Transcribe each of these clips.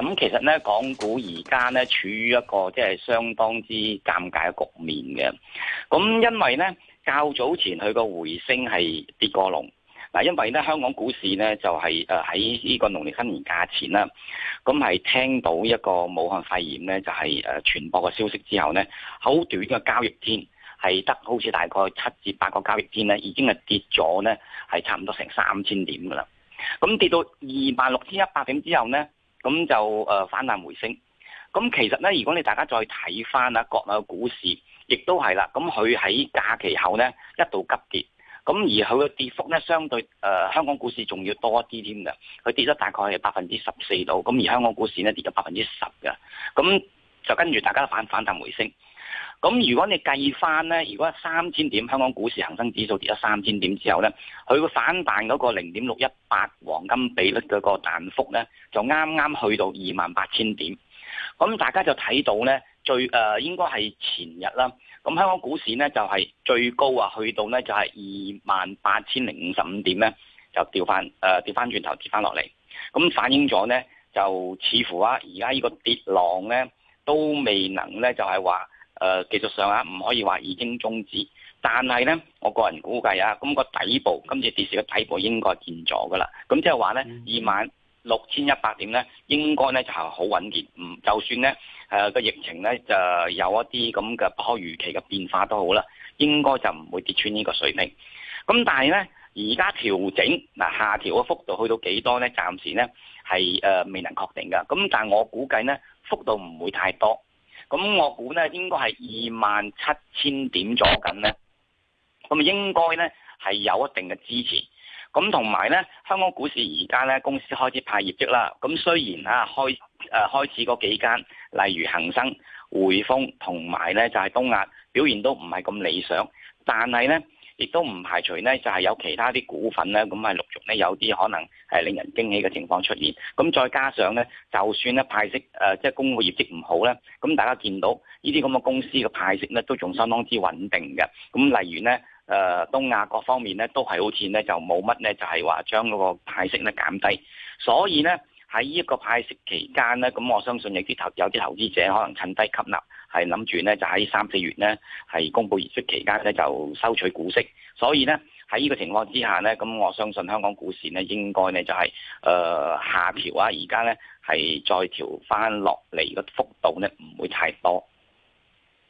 咁其實咧，港股而家咧處於一個即係相當之尷尬嘅局面嘅。咁因為咧，較早前佢個回升係跌過龍。嗱，因為咧香港股市咧就係誒喺呢個農曆新年假前啦，咁係聽到一個武漢肺炎咧就係、是、誒傳播嘅消息之後咧，好短嘅交易天係得好似大概七至八個交易天咧，已經係跌咗咧係差唔多成三千點㗎喇。咁跌到二萬六千一百點之後咧。咁就誒反彈回升。咁其實咧，如果你大家再睇翻啦，國內嘅股市亦都係啦，咁佢喺假期後咧一度急跌，咁而佢嘅跌幅咧相對誒、呃、香港股市仲要多一啲添㗎，佢跌咗大概係百分之十四度，咁而香港股市咧跌咗百分之十㗎，咁就跟住大家反反彈回升。咁如果你計翻咧，如果係三千點香港股市恒生指數跌咗三千點之後咧，佢個反彈嗰個零點六一八黃金比率嘅個彈幅咧，就啱啱去到二萬八千點。咁大家就睇到咧，最誒、呃、應該係前日啦。咁香港股市咧就係、是、最高啊，去到咧就係二萬八千零五十五點咧，就掉翻誒跌翻轉頭跌翻落嚟。咁反映咗咧，就似乎啊，而家呢個跌浪咧都未能咧，就係話。誒、呃、技術上啊，唔可以話已經終止，但係咧，我個人估計啊，咁、嗯，個底部，今次跌市嘅底部應該見咗噶啦。咁即係話咧，二萬六千一百點咧，應該咧就係好穩健。唔，就算咧誒個疫情咧就有一啲咁嘅不可預期嘅變化都好啦，應該就唔會跌穿呢個水平。咁但係咧，而家調整嗱、呃、下調嘅幅度去到幾多咧？暫時咧係誒未能確定㗎。咁但我估計咧幅度唔會太多。咁我估咧應該係二萬七千點左近咧，咁應該咧係有一定嘅支持。咁同埋咧，香港股市而家咧公司開始派業績啦。咁雖然啊,開,啊開始嗰幾間，例如恒生、匯豐同埋咧就係東亞表現都唔係咁理想，但係咧。亦都唔排除咧，就係有其他啲股份咧，咁咪陸續咧有啲可能係令人驚喜嘅情況出現。咁再加上咧，就算咧派息誒，即係公布業績唔好咧，咁大家見到呢啲咁嘅公司嘅派息咧、呃，都仲相當之穩定嘅。咁例如咧，誒東亞各方面咧，都係好似咧就冇乜咧，就係話將嗰個派息咧減低，所以咧。喺呢一個派息期間咧，咁我相信有啲投有啲投資者可能趁低吸納，係諗住咧就喺三四月咧係公布業績期間咧就收取股息，所以咧喺呢個情況之下咧，咁我相信香港股市咧應該咧就係、是、誒、呃、下調啊，而家咧係再調翻落嚟嘅幅度咧唔會太多。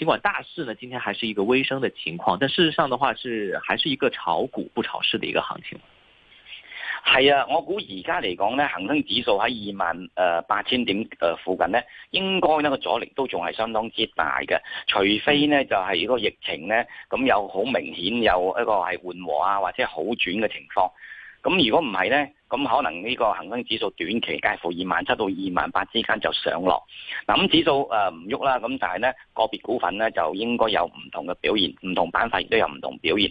盡管大市呢，今天還是一個微升的情況，但事實上的話是還是一個炒股不炒市的一個行情。係啊，我估而家嚟講呢，恒生指數喺二萬誒八千點誒、呃、附近呢，應該呢個阻力都仲係相當之大嘅，除非呢就係、是、嗰個疫情呢，咁有好明顯有一個係緩和啊或者好轉嘅情況，咁如果唔係呢？咁可能呢個恒生指數短期介乎二萬七到二萬八之間就上落。嗱，咁指數誒唔喐啦，咁但係咧個別股份咧就應該有唔同嘅表現，唔同板塊亦都有唔同表現。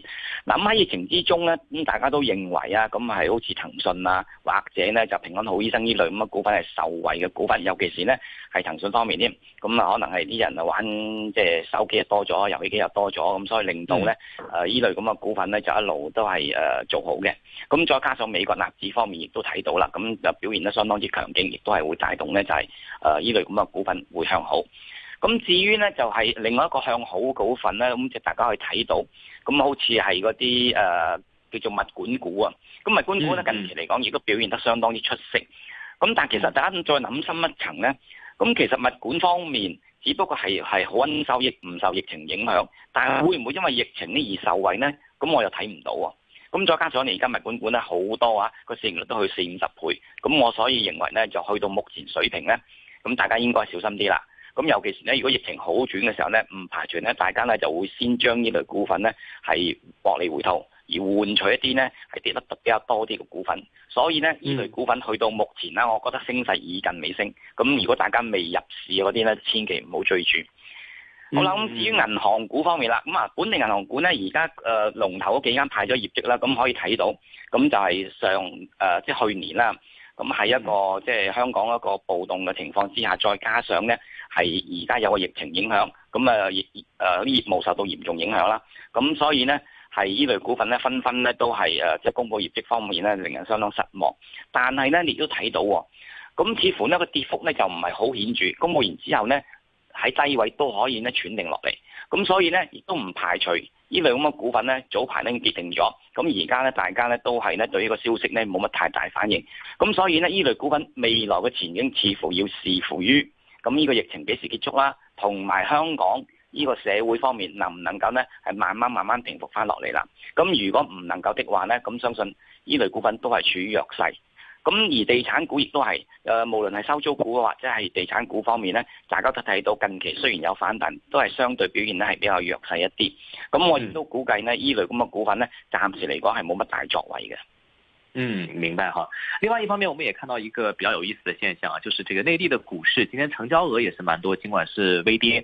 嗱，咁喺疫情之中咧，咁大家都認為啊，咁係好似騰訊啊，或者咧就平安好醫生呢類咁嘅股份係受惠嘅股份，尤其是咧係騰訊方面添。咁啊，可能係啲人啊玩即係手機又多咗，遊戲機又多咗，咁所以令到咧誒、嗯啊、呢類咁嘅股份咧就一路都係誒做好嘅。咁再加上美國納指方，亦都睇到啦，咁就表現得相當之強勁，亦都係會帶動咧，就係誒依類咁嘅股份會向好。咁至於咧，就係、是、另外一個向好股份咧，咁即係大家可以睇到，咁好似係嗰啲誒叫做物管股啊。咁物管股咧，近期嚟講亦都表現得相當之出色。咁但係其實大家再諗深一層咧，咁其實物管方面，只不過係係好穩收，亦唔受疫情影響。但係會唔會因為疫情咧而受惠咧？咁我又睇唔到啊。咁再加上而家物管管咧好多啊，個市盈率都去四五十倍，咁我所以認為咧就去到目前水平咧，咁大家應該小心啲啦。咁尤其是咧，如果疫情好轉嘅時候咧，唔排除咧，大家咧就會先將呢類股份咧係獲利回吐，而換取一啲咧係跌得比較多啲嘅股份。所以咧，呢、嗯、類股份去到目前咧，我覺得升勢已近尾聲。咁如果大家未入市嗰啲咧，千祈唔好追住。好啦、嗯、咁至於銀行股方面啦，咁啊，本地銀行股咧，而家誒龍頭嗰幾間派咗業績啦，咁可以睇到，咁就係上誒即係去年啦，咁喺一個即係香港一個暴動嘅情況之下，再加上咧係而家有個疫情影響，咁啊誒啲業務受到嚴重影響啦，咁所以咧係呢類股份咧紛紛咧都係誒即係公佈業績方面咧令人相當失望，但係咧你都睇到，咁似乎呢個跌幅咧就唔係好顯著，公佈完之後咧。喺低位都可以咧轉定落嚟，咁所以咧亦都唔排除呢類咁嘅股份咧早排咧已經跌定咗，咁而家咧大家咧都係咧對呢個消息咧冇乜太大反應，咁所以呢，呢類股份未來嘅前景似乎要視乎於咁呢個疫情幾時結束啦，同埋香港呢個社會方面能唔能夠咧係慢慢慢慢平復翻落嚟啦，咁如果唔能夠的話咧，咁相信呢類股份都係處於弱勢。咁而地產股亦都係，誒、呃、無論係收租股或者係地產股方面咧，大家都睇到近期雖然有反彈，都係相對表現咧係比較弱勢一啲。咁我亦都估計呢，依、嗯、類咁嘅股份咧，暫時嚟講係冇乜大作為嘅。嗯，明白嚇。另外一方面，我們也看到一個比較有意思嘅現象啊，就是這個內地嘅股市，今天成交額也是蠻多，儘管是微跌。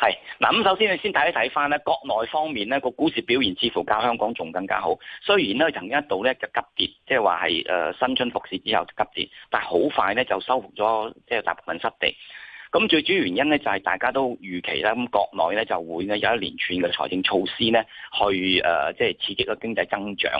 係嗱，咁首先你先睇一睇翻咧，國內方面咧個股市表現似乎較香港仲更加好。雖然咧曾經一度咧就急跌，即係話係誒新春復市之後急跌，但係好快咧就收復咗，即係大部分失地。咁最主要原因咧就係、是、大家都預期啦，咁、嗯、國內咧就會咧有一連串嘅財政措施咧去誒、呃，即係刺激個經濟增長。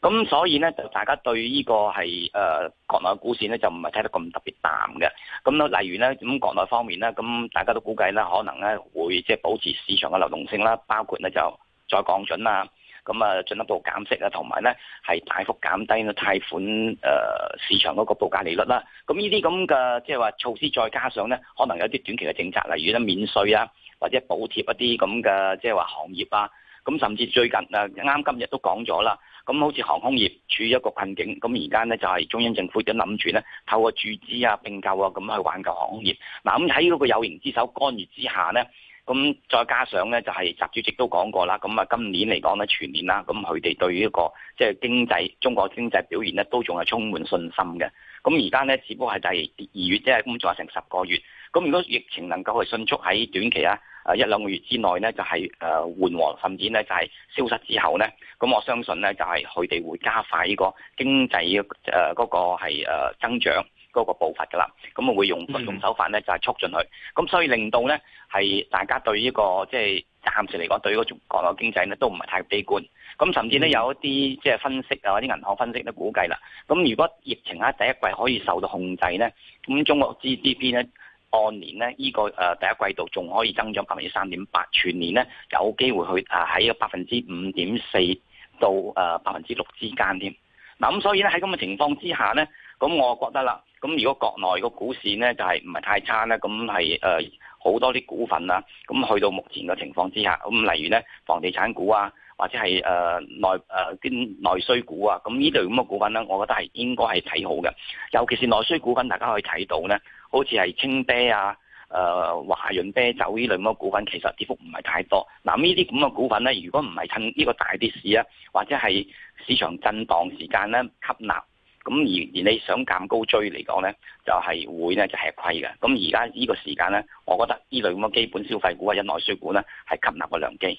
咁所以咧，就大家對呢個係誒、呃、國內嘅股市咧，就唔係睇得咁特別淡嘅。咁咧，例如咧，咁國內方面咧，咁大家都估計咧，可能咧會即係保持市場嘅流動性啦，包括咧就再降準啦，咁啊進一步減息啊，同埋咧係大幅減低嘅貸款誒、呃、市場嗰個報價利率啦。咁呢啲咁嘅即係話措施，再加上咧，可能有啲短期嘅政策，例如咧免稅啊，或者補貼一啲咁嘅即係話行業啊。咁、啊、甚至最近誒啱、啊、今日都講咗啦。咁好似航空業處於一個困境，咁而家咧就係中央政府都諗住咧，透過注資啊、並購啊，咁去挽救航空業。嗱，咁喺嗰個有形之手干預之下咧，咁再加上咧就係習主席都講過啦，咁啊今年嚟講咧全年啦，咁佢哋對於一個即係經濟、中國經濟表現咧都仲係充滿信心嘅。咁而家咧，只不過係第二月，即係工作成十個月。咁如果疫情能夠係迅速喺短期啊～一兩個月之內咧，就係、是、誒、呃、緩和，甚至咧就係、是、消失之後咧，咁我相信咧就係佢哋會加快呢個經濟誒嗰個係、呃、增長嗰個步伐噶啦，咁啊會用不同手法咧就係、是、促進佢，咁所以令到咧係大家對呢、這個即係暫時嚟講對嗰個國內經濟咧都唔係太悲觀，咁甚至咧有一啲即係分析啊，啲銀行分析都估計啦，咁如果疫情喺第一季可以受到控制咧，咁中國 GDP 咧。按年咧，呢、這個誒、呃、第一季度仲可以增長百分之三點八，全年咧有機會去誒喺百分之五點四到誒百分之六之間添。嗱咁，所以咧喺咁嘅情況之下咧，咁我覺得啦，咁如果國內個股市咧就係唔係太差啦咁係誒好多啲股份啦、啊、咁去到目前嘅情況之下，咁例如咧房地產股啊，或者係誒內誒啲內需股啊，咁呢類咁嘅股份咧，我覺得係應該係睇好嘅，尤其是內需股份，大家可以睇到咧。好似係青啤啊，誒、呃、華潤啤酒依類咁嘅股份，其實跌幅唔係太多。嗱，呢啲咁嘅股份咧，如果唔係趁呢個大跌市啊，或者係市場震盪時間咧吸納，咁而而你想減高追嚟講咧，就係、是、會咧就是、吃虧嘅。咁而家呢個時間咧，我覺得呢類咁嘅基本消費股啊、飲內需股咧，係吸納嘅良機。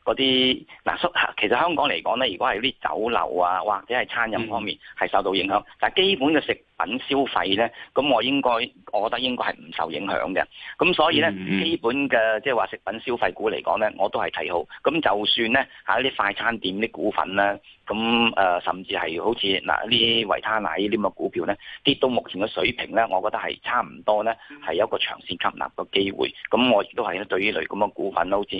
嗰啲嗱，叔，其實香港嚟講咧，如果係啲酒樓啊，或者係餐飲方面係受到影響，嗯、但係基本嘅食品消費咧，咁我應該，我覺得應該係唔受影響嘅。咁所以咧、嗯，基本嘅即係話食品消費股嚟講咧，我都係睇好。咁就算咧，喺、啊、啲快餐店啲股份咧，咁誒、呃，甚至係好似嗱啲維他奶呢啲咁嘅股票咧，跌到目前嘅水平咧，我覺得係差唔多咧，係一個長線吸納嘅機會。咁我亦都係咧，對於類咁嘅股份好似。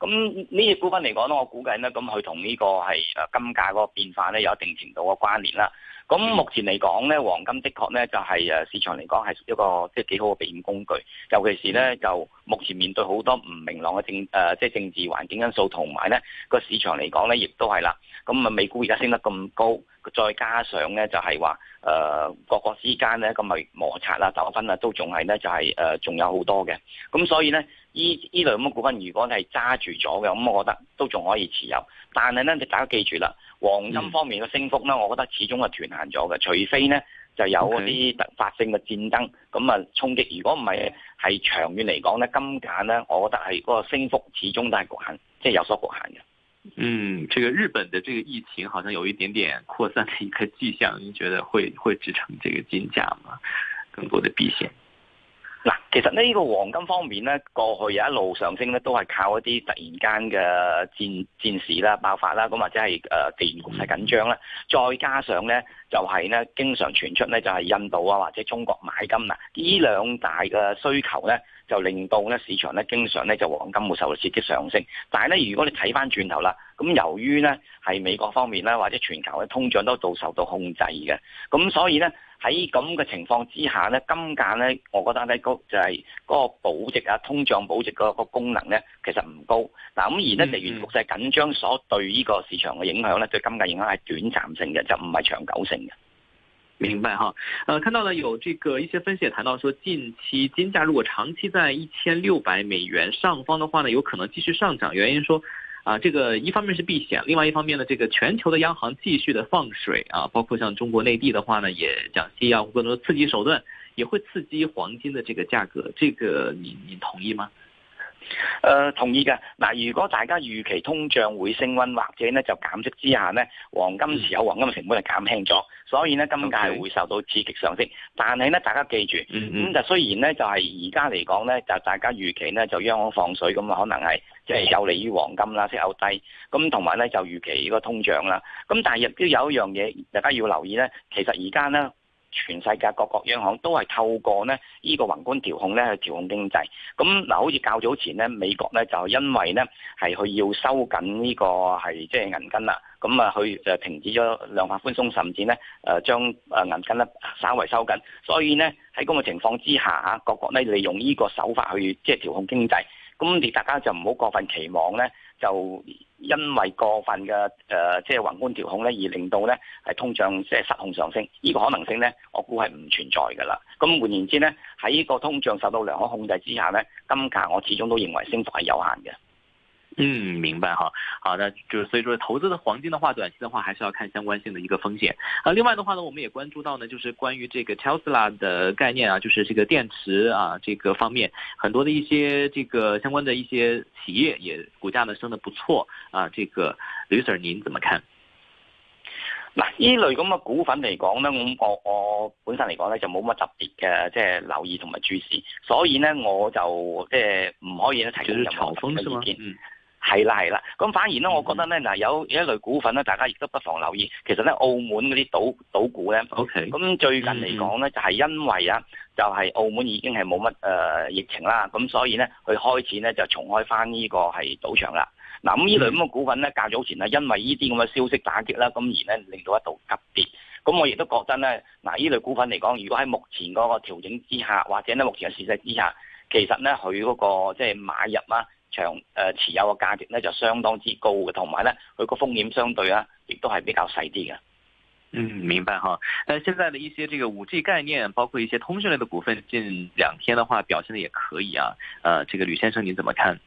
咁呢隻股份嚟講咧，我估計咧，咁佢同呢個係金價嗰個變化咧，有一定程度嘅關聯啦。咁目前嚟講咧，黃金的確咧就係誒市場嚟講係一個即係幾好嘅避險工具，尤其是咧就目前面對好多唔明朗嘅政誒即係政治環境因素，同埋咧個市場嚟講咧，亦都係啦。咁啊，美股而家升得咁高，再加上咧就係話誒各國之間咧咁咪摩擦啦，糾紛啊，都仲係咧就係誒仲有好多嘅。咁所以咧。依依類咁嘅股份，如果你係揸住咗嘅，咁我覺得都仲可以持有。但係咧，你大家記住啦，黃金方面嘅升幅咧、嗯，我覺得始終係侷限咗嘅。除非咧，就有啲突發性嘅戰爭咁啊衝擊。如果唔係咧，係長遠嚟講咧，金價咧，我覺得係嗰、嗰個升幅始終都係局限，即、就、係、係、有所局限嘅。嗯，這個日本的這個疫情好像有一點點擴散的一個跡象，您覺得會會支撐這個金價嗎？更多的避險？嗱，其實呢個黃金方面咧，過去有一路上升咧，都係靠一啲突然間嘅戰戰事啦、爆發啦，咁或者係誒地緣局勢緊張啦，再加上咧就係咧經常傳出咧就係印度啊或者中國買金啦，呢兩大嘅需求咧就令到咧市場咧經常咧就黃金會受到刺激上升，但係咧如果你睇翻轉頭啦，咁由於咧係美國方面咧或者全球嘅通脹都度受到控制嘅，咁所以咧。喺咁嘅情況之下呢，金價呢，我覺得呢嗰就係、是、嗰個保值啊，通脹保值嗰個功能呢，其實唔高。嗱，咁而呢，地緣局勢緊張所對呢個市場嘅影響呢，對金價影響係短暫性嘅，就唔、是、係長久性嘅。明白呵？呃，看到呢，有這個一些分析，也提到說，近期金價如果長期在一千六百美元上方的話呢，有可能繼續上漲，原因說。啊，這個一方面是避險，另外一方面呢，這個全球的央行繼續的放水，啊，包括像中國內地的話呢，也講需要更多刺激手段，也會刺激黃金的這個價格。這個你你同意嗎？誒、呃，同意嘅。嗱、呃，如果大家預期通脹會升温，或者呢就減息之下呢，黃金持有黃金嘅成本係減輕咗、嗯，所以呢金價、okay. 會受到刺激上升。但係呢大家記住，嗯，嗯，嗯就雖然呢就係而家嚟講呢，就大家預期呢就央行放水咁啊，可能係。即係有利於黃金啦，息口低，咁同埋咧就預期個通脹啦。咁但係亦都有一樣嘢大家要留意咧，其實而家咧全世界各國央行都係透過咧呢、這個宏觀調控咧去調控經濟。咁嗱，好似較早前咧美國咧就因為咧係佢要收緊呢、這個係即係銀根啦，咁啊去就停止咗量化寬鬆，甚至咧誒、呃、將誒銀根咧稍為收緊。所以咧喺咁嘅情況之下，啊各國咧利用呢個手法去即係、就是、調控經濟。咁你大家就唔好過分期望咧，就因為過分嘅誒，即係宏觀調控咧，而令到咧係通脹即係失控上升，呢個可能性咧，我估係唔存在㗎啦。咁換言之咧，喺呢個通脹受到良好控制之下咧，金價我始終都認為升幅係有限嘅。嗯，明白哈，好的，就是，所以說投資的黃金的話，短期的話，還是要看相關性的一個風險。啊，另外的話呢，我們也關注到呢，就是關於這個特斯拉的概念啊，就是這個電池啊，這個方面，很多的一些這個相關的一些企業，也股價呢升得不錯啊。這個呂 Sir，您怎麼看？那呢類咁嘅股份嚟講呢，我我我本身嚟講呢就冇乜特別嘅，即係留意同埋注視，所以呢我就即係唔可以呢提及任何嘅意見。嗯係啦，係啦，咁反而咧，我覺得咧，嗱有一類股份咧、嗯，大家亦都不妨留意。其實咧，澳門嗰啲賭賭股咧，咁、okay. 最近嚟講咧，就係因為啊，就係澳門已經係冇乜誒疫情啦，咁所以咧，佢開始咧就重開翻呢個係賭場啦。嗱，咁呢類咁嘅股份咧，較早前啊，因為呢啲咁嘅消息打擊啦，咁而咧令到一度急跌。咁我亦都覺得咧，嗱呢類股份嚟講，如果喺目前嗰個調整之下，或者咧目前嘅時勢之下，其實咧佢嗰個即係買入、啊長持有嘅價值咧就相當之高嘅，同埋咧佢個風險相對啊，亦都係比較細啲嘅。嗯，明白嚇。誒、呃，現在的一些這個五 G 概念，包括一些通訊類的股份，近兩天的話表現得也可以啊。誒、呃，這個呂先生，您怎麼看？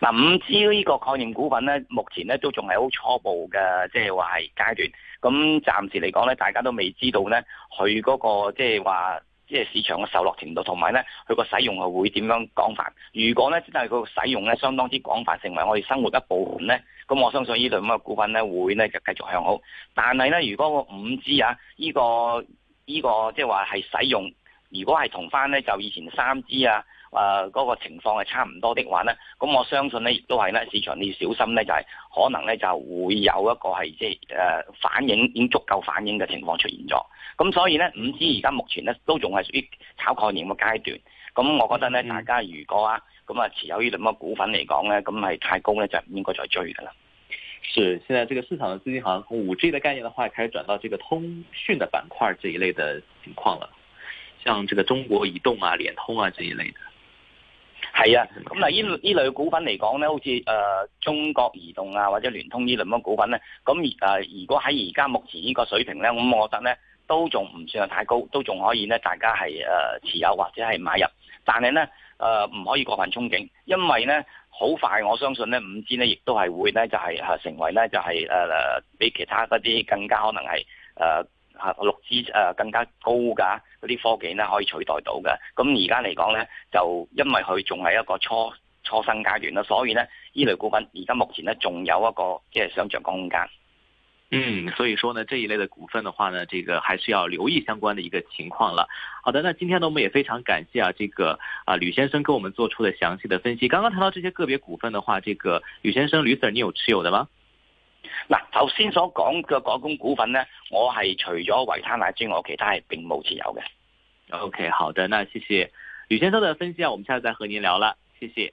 咁五 G 呢個概念股份咧，目前咧都仲係好初步嘅，即係話係階段。咁暫時嚟講咧，大家都未知道咧，佢嗰個即係話。即係市場嘅受落程度，同埋咧佢個使用係會點樣廣泛？如果咧即係佢個使用咧相當之廣泛，成為我哋生活一部分咧，咁我相信呢類咁嘅股份咧會咧就繼續向好。但係咧，如果五 G 啊，呢個呢個即係話係使用，如果係同翻咧就以前三 G 啊。誒、呃、嗰、那個情況係差唔多的話咧，咁我相信咧亦都係咧，市場你要小心咧，就係、是、可能咧就會有一個係即係誒反映已經足夠反映嘅情況出現咗。咁所以咧，五 G 而家目前咧都仲係屬於炒概念嘅階段。咁我覺得咧，大家如果啊咁啊、嗯、持有呢類嘅股份嚟講咧，咁係太高咧就唔應該再追㗎啦。是，現在這個市場嘅資金好像從五 G 嘅概念的話，開始轉到這個通訊嘅版塊這一類嘅情況啦。像這個中國移動啊、聯通啊這一類嘅。係啊，咁呢呢類股份嚟講咧，好似誒中國移動啊，或者聯通呢類咁嘅股份咧，咁而如果喺而家目前呢個水平咧，咁我覺得咧都仲唔算係太高，都仲可以咧大家係誒持有或者係買入，但係咧誒唔可以過分憧憬，因為咧好快我相信咧五 G 咧亦都係會咧就係成為咧就係誒比其他嗰啲更加可能係誒六 G 誒更加高噶。嗰啲科技呢可以取代到嘅，咁而家嚟講呢，就因為佢仲係一個初初生階段啦，所以呢，呢類股份而家目前呢，仲有一個即係想像空間。嗯，所以說呢，這一類嘅股份的話呢，這個還是要留意相關嘅一個情況啦。好的，那今天呢，我們也非常感謝啊，這個啊呃、呂先生跟我們做出的詳細的分析。剛剛談到這些個別股份的話，這個呂先生呂 Sir，你有持有的嗎？嗱，頭先所講嘅港股股份呢，我係除咗維他奶之外，其他係並冇持有嘅。O、okay, K，好的，那謝謝呂先生嘅分析啊，我們下次再和您聊啦，謝謝。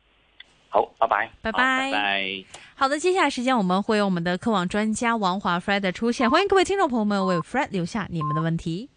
好，拜拜。拜拜。拜。好的，接下來時間我們會有我們的科網專家王華 Fred 出現，歡迎各位聽眾朋友們為 Fred 留下你們的問題。